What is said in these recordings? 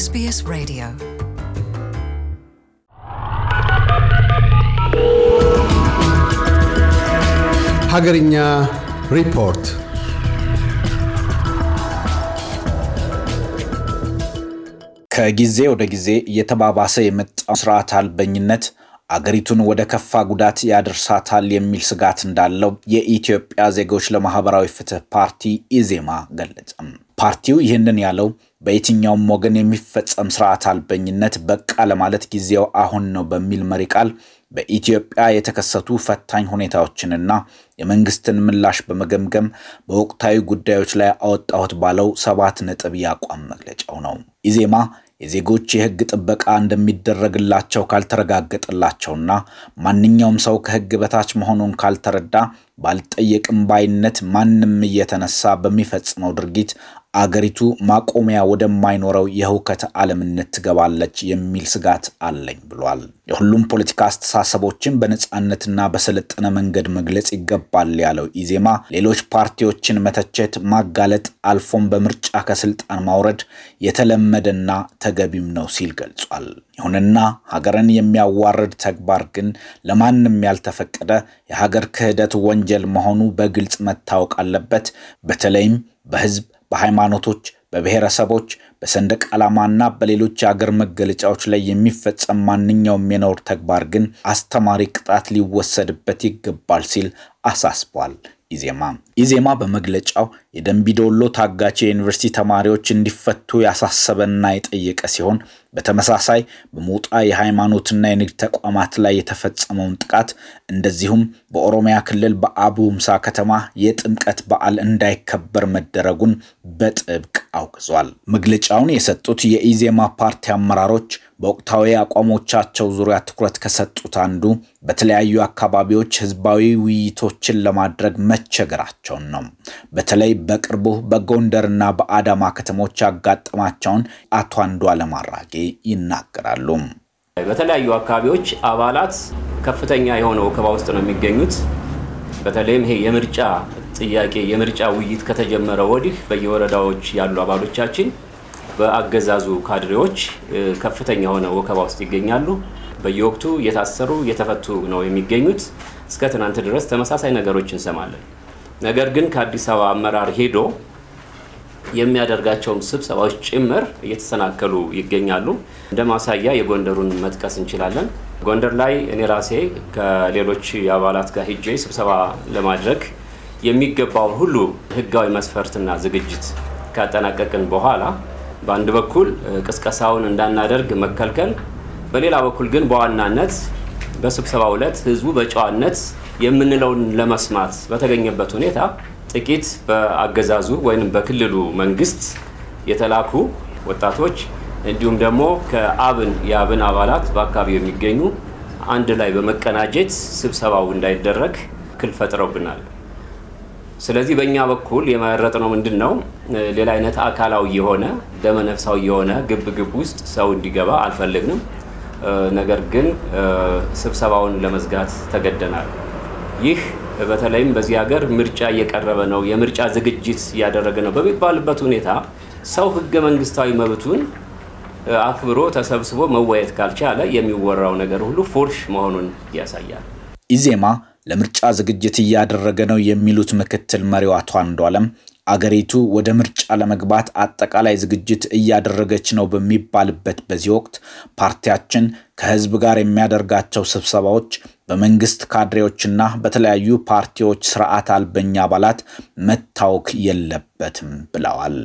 ኤስቢኤስ ሬዲዮ ሀገርኛ ሪፖርት ከጊዜ ወደ ጊዜ እየተባባሰ የመጣው ስርዓት አልበኝነት አገሪቱን ወደ ከፋ ጉዳት ያደርሳታል የሚል ስጋት እንዳለው የኢትዮጵያ ዜጎች ለማህበራዊ ፍትህ ፓርቲ ኢዜማ ገለጸም። ፓርቲው ይህንን ያለው በየትኛውም ወገን የሚፈጸም ስርዓት አልበኝነት በቃ ለማለት ጊዜው አሁን ነው በሚል መሪ ቃል በኢትዮጵያ የተከሰቱ ፈታኝ ሁኔታዎችንና የመንግስትን ምላሽ በመገምገም በወቅታዊ ጉዳዮች ላይ አወጣሁት ባለው ሰባት ነጥብ የአቋም መግለጫው ነው። ኢዜማ የዜጎች የህግ ጥበቃ እንደሚደረግላቸው ካልተረጋገጠላቸውና ማንኛውም ሰው ከህግ በታች መሆኑን ካልተረዳ ባልጠየቅም ባይነት ማንም እየተነሳ በሚፈጽመው ድርጊት አገሪቱ ማቆሚያ ወደማይኖረው የህውከት ዓለም ትገባለች የሚል ስጋት አለኝ ብሏል። የሁሉም ፖለቲካ አስተሳሰቦችን በነፃነትና በሰለጠነ መንገድ መግለጽ ይገባል ያለው ኢዜማ ሌሎች ፓርቲዎችን መተቸት፣ ማጋለጥ አልፎም በምርጫ ከስልጣን ማውረድ የተለመደና ተገቢም ነው ሲል ገልጿል። ይሁንና ሀገርን የሚያዋርድ ተግባር ግን ለማንም ያልተፈቀደ የሀገር ክህደት ወንጀል መሆኑ በግልጽ መታወቅ አለበት። በተለይም በህዝብ በሃይማኖቶች፣ በብሔረሰቦች፣ በሰንደቅ ዓላማና በሌሎች የአገር መገለጫዎች ላይ የሚፈጸም ማንኛውም የነውር ተግባር ግን አስተማሪ ቅጣት ሊወሰድበት ይገባል ሲል አሳስቧል። ኢዜማ ኢዜማ በመግለጫው የደንቢዶሎ ታጋች የዩኒቨርሲቲ ተማሪዎች እንዲፈቱ ያሳሰበና የጠየቀ ሲሆን በተመሳሳይ በሞጣ የሃይማኖትና የንግድ ተቋማት ላይ የተፈጸመውን ጥቃት እንደዚሁም በኦሮሚያ ክልል በአቡ ምሳ ከተማ የጥምቀት በዓል እንዳይከበር መደረጉን በጥብቅ አውግዟል። መግለጫውን የሰጡት የኢዜማ ፓርቲ አመራሮች በወቅታዊ አቋሞቻቸው ዙሪያ ትኩረት ከሰጡት አንዱ በተለያዩ አካባቢዎች ህዝባዊ ውይይቶችን ለማድረግ መቸገራቸውን ነው። በተለይ በቅርቡ በጎንደርና በአዳማ ከተሞች ያጋጠማቸውን አቶ አንዱ አለማራጌ ይናገራሉ። በተለያዩ አካባቢዎች አባላት ከፍተኛ የሆነ ወከባ ውስጥ ነው የሚገኙት። በተለይም ይሄ የምርጫ ጥያቄ የምርጫ ውይይት ከተጀመረ ወዲህ በየወረዳዎች ያሉ አባሎቻችን በአገዛዙ ካድሬዎች ከፍተኛ የሆነ ወከባ ውስጥ ይገኛሉ። በየወቅቱ እየታሰሩ እየተፈቱ ነው የሚገኙት። እስከ ትናንት ድረስ ተመሳሳይ ነገሮች እንሰማለን። ነገር ግን ከአዲስ አበባ አመራር ሄዶ የሚያደርጋቸውም ስብሰባዎች ጭምር እየተሰናከሉ ይገኛሉ። እንደ ማሳያ የጎንደሩን መጥቀስ እንችላለን። ጎንደር ላይ እኔ ራሴ ከሌሎች የአባላት ጋር ሄጄ ስብሰባ ለማድረግ የሚገባውን ሁሉ ሕጋዊ መስፈርትና ዝግጅት ካጠናቀቅን በኋላ በአንድ በኩል ቅስቀሳውን እንዳናደርግ መከልከል፣ በሌላ በኩል ግን በዋናነት በስብሰባው ዕለት ሕዝቡ በጨዋነት የምንለውን ለመስማት በተገኘበት ሁኔታ ጥቂት በአገዛዙ ወይም በክልሉ መንግስት የተላኩ ወጣቶች እንዲሁም ደግሞ ከአብን የአብን አባላት በአካባቢው የሚገኙ አንድ ላይ በመቀናጀት ስብሰባው እንዳይደረግ ክል ፈጥረውብናል። ስለዚህ በእኛ በኩል የመረጥነው ምንድን ነው? ሌላ አይነት አካላዊ የሆነ ደመነፍሳዊ የሆነ ግብ ግብ ውስጥ ሰው እንዲገባ አልፈልግንም። ነገር ግን ስብሰባውን ለመዝጋት ተገደናል። ይህ በተለይም በዚህ ሀገር ምርጫ እየቀረበ ነው፣ የምርጫ ዝግጅት እያደረገ ነው በሚባልበት ሁኔታ ሰው ህገ መንግስታዊ መብቱን አክብሮ ተሰብስቦ መወያየት ካልቻለ የሚወራው ነገር ሁሉ ፎርሽ መሆኑን ያሳያል። ኢዜማ ለምርጫ ዝግጅት እያደረገ ነው የሚሉት ምክትል መሪው አቶ አንዷለም አገሪቱ ወደ ምርጫ ለመግባት አጠቃላይ ዝግጅት እያደረገች ነው በሚባልበት በዚህ ወቅት ፓርቲያችን ከህዝብ ጋር የሚያደርጋቸው ስብሰባዎች በመንግስት ካድሬዎችና በተለያዩ ፓርቲዎች ስርዓት አልበኛ አባላት መታወክ የለበትም ብለዋል።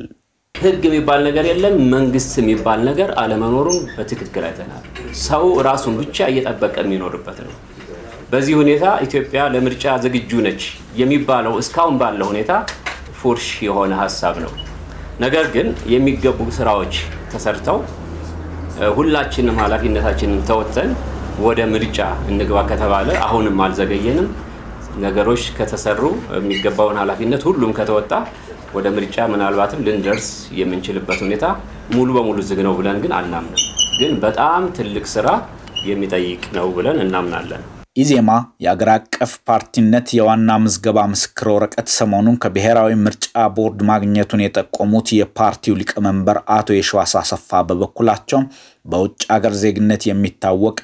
ህግ የሚባል ነገር የለም፣ መንግስት የሚባል ነገር አለመኖሩን በትክክል አይተናል። ሰው ራሱን ብቻ እየጠበቀ የሚኖርበት ነው። በዚህ ሁኔታ ኢትዮጵያ ለምርጫ ዝግጁ ነች የሚባለው እስካሁን ባለው ሁኔታ ፉርሽ የሆነ ሀሳብ ነው። ነገር ግን የሚገቡ ስራዎች ተሰርተው ሁላችንም ኃላፊነታችንን ተወጥተን ወደ ምርጫ እንግባ ከተባለ አሁንም አልዘገየንም። ነገሮች ከተሰሩ የሚገባውን ኃላፊነት ሁሉም ከተወጣ ወደ ምርጫ ምናልባትም ልንደርስ የምንችልበት ሁኔታ ሙሉ በሙሉ ዝግ ነው ብለን ግን አናምንም። ግን በጣም ትልቅ ስራ የሚጠይቅ ነው ብለን እናምናለን። ኢዜማ የአገር አቀፍ ፓርቲነት የዋና ምዝገባ ምስክር ወረቀት ሰሞኑን ከብሔራዊ ምርጫ ቦርድ ማግኘቱን የጠቆሙት የፓርቲው ሊቀመንበር አቶ የሸዋስ አሰፋ በበኩላቸው በውጭ አገር ዜግነት የሚታወቅ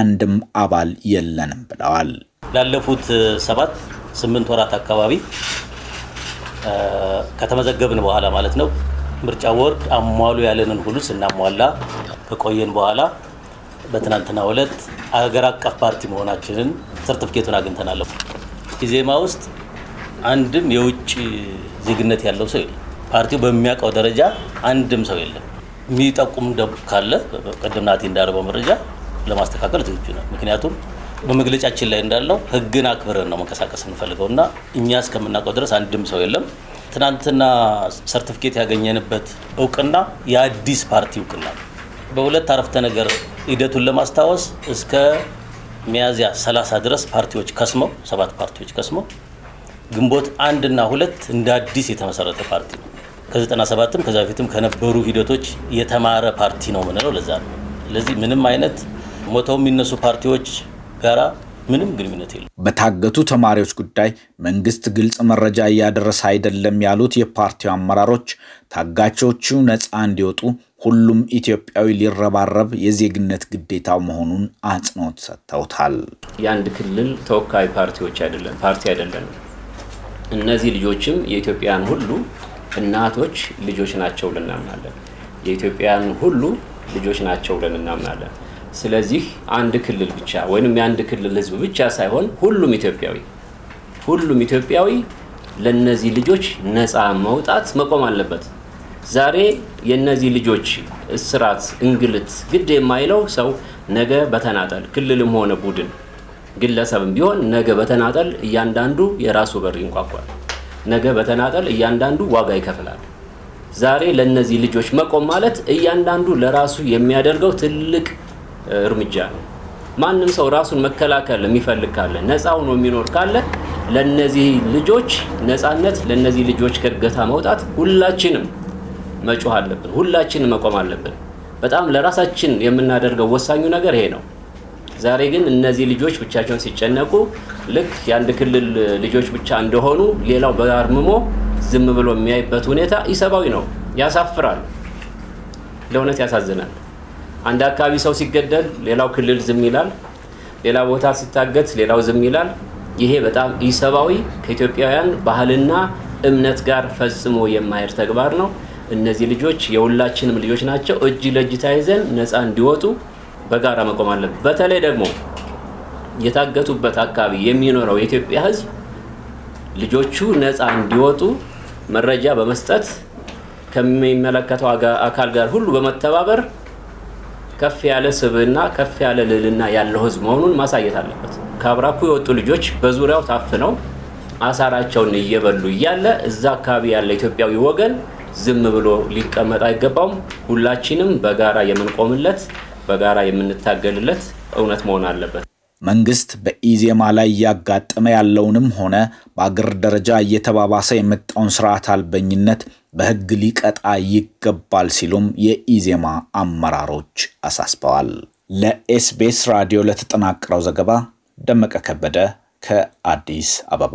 አንድም አባል የለንም ብለዋል። ላለፉት ሰባት ስምንት ወራት አካባቢ ከተመዘገብን በኋላ ማለት ነው ምርጫ ቦርድ አሟሉ ያለንን ሁሉ ስናሟላ ከቆየን በኋላ በትናንትና ዕለት አገር አቀፍ ፓርቲ መሆናችንን ሰርቲፊኬቱን አግኝተናል። ኢዜማ ውስጥ አንድም የውጭ ዜግነት ያለው ሰው የለም። ፓርቲው በሚያውቀው ደረጃ አንድም ሰው የለም። የሚጠቁም ካለ ቀደም ናቲ እንዳረበው መረጃ ለማስተካከል ዝግጁ ነው። ምክንያቱም በመግለጫችን ላይ እንዳለው ህግን አክብረን ነው መንቀሳቀስ እንፈልገው እና እኛ እስከምናውቀው ድረስ አንድም ሰው የለም። ትናንትና ሰርቲፊኬት ያገኘንበት እውቅና የአዲስ ፓርቲ እውቅና ነው። በሁለት አረፍተ ነገር ሂደቱን ለማስታወስ እስከ ሚያዝያ 30 ድረስ ፓርቲዎች ከስመው ሰባት ፓርቲዎች ከስመው ግንቦት አንድ እና ሁለት እንደ አዲስ የተመሰረተ ፓርቲ ነው። 97 ከዛ በፊትም ከነበሩ ሂደቶች የተማረ ፓርቲ ነው ምንለው ለዛ ነው። ስለዚህ ምንም አይነት ሞተው የሚነሱ ፓርቲዎች ጋራ ምንም ግንኙነት የለም። በታገቱ ተማሪዎች ጉዳይ መንግስት ግልጽ መረጃ እያደረሰ አይደለም ያሉት የፓርቲው አመራሮች ታጋቾቹ ነፃ እንዲወጡ ሁሉም ኢትዮጵያዊ ሊረባረብ የዜግነት ግዴታው መሆኑን አጽንኦት ሰጥተውታል። የአንድ ክልል ተወካይ ፓርቲዎች አይደለም ፓርቲ አይደለንም። እነዚህ ልጆችም የኢትዮጵያን ሁሉ እናቶች ልጆች ናቸው ብለን እናምናለን። የኢትዮጵያን ሁሉ ልጆች ናቸው ብለን እናምናለን። ስለዚህ አንድ ክልል ብቻ ወይም የአንድ ክልል ህዝብ ብቻ ሳይሆን ሁሉም ኢትዮጵያዊ ሁሉም ኢትዮጵያዊ ለእነዚህ ልጆች ነፃ መውጣት መቆም አለበት። ዛሬ የእነዚህ ልጆች እስራት፣ እንግልት ግድ የማይለው ሰው ነገ በተናጠል ክልልም ሆነ ቡድን ግለሰብም ቢሆን ነገ በተናጠል እያንዳንዱ የራሱ በር ይንቋቋል። ነገ በተናጠል እያንዳንዱ ዋጋ ይከፍላል። ዛሬ ለእነዚህ ልጆች መቆም ማለት እያንዳንዱ ለራሱ የሚያደርገው ትልቅ እርምጃ ነው። ማንም ሰው ራሱን መከላከል የሚፈልግ ካለ ነፃ ሆኖ የሚኖር ካለ ለነዚህ ልጆች ነፃነት፣ ለነዚህ ልጆች ከእገታ መውጣት ሁላችንም መጮህ አለብን። ሁላችን መቆም አለብን። በጣም ለራሳችን የምናደርገው ወሳኙ ነገር ይሄ ነው። ዛሬ ግን እነዚህ ልጆች ብቻቸውን ሲጨነቁ ልክ የአንድ ክልል ልጆች ብቻ እንደሆኑ ሌላው በአርምሞ ዝም ብሎ የሚያይበት ሁኔታ ኢሰብአዊ ነው፣ ያሳፍራል፣ ለእውነት ያሳዝናል። አንድ አካባቢ ሰው ሲገደል ሌላው ክልል ዝም ይላል፣ ሌላ ቦታ ሲታገት ሌላው ዝም ይላል። ይሄ በጣም ኢሰብአዊ ከኢትዮጵያውያን ባህልና እምነት ጋር ፈጽሞ የማይሄድ ተግባር ነው። እነዚህ ልጆች የሁላችንም ልጆች ናቸው። እጅ ለእጅ ታይዘን ነፃ እንዲወጡ በጋራ መቆም አለብን። በተለይ ደግሞ የታገቱበት አካባቢ የሚኖረው የኢትዮጵያ ሕዝብ ልጆቹ ነፃ እንዲወጡ መረጃ በመስጠት ከሚመለከተው አካል ጋር ሁሉ በመተባበር ከፍ ያለ ስብዕና ከፍ ያለ ልዕልና ያለው ሕዝብ መሆኑን ማሳየት አለበት። ከአብራኩ የወጡ ልጆች በዙሪያው ታፍነው አሳራቸውን እየበሉ እያለ እዛ አካባቢ ያለ ኢትዮጵያዊ ወገን ዝም ብሎ ሊቀመጥ አይገባውም። ሁላችንም በጋራ የምንቆምለት፣ በጋራ የምንታገልለት እውነት መሆን አለበት። መንግስት በኢዜማ ላይ እያጋጠመ ያለውንም ሆነ በአገር ደረጃ እየተባባሰ የመጣውን ስርዓት አልበኝነት በህግ ሊቀጣ ይገባል ሲሉም የኢዜማ አመራሮች አሳስበዋል። ለኤስቢኤስ ራዲዮ ለተጠናቀረው ዘገባ ደመቀ ከበደ ከአዲስ አበባ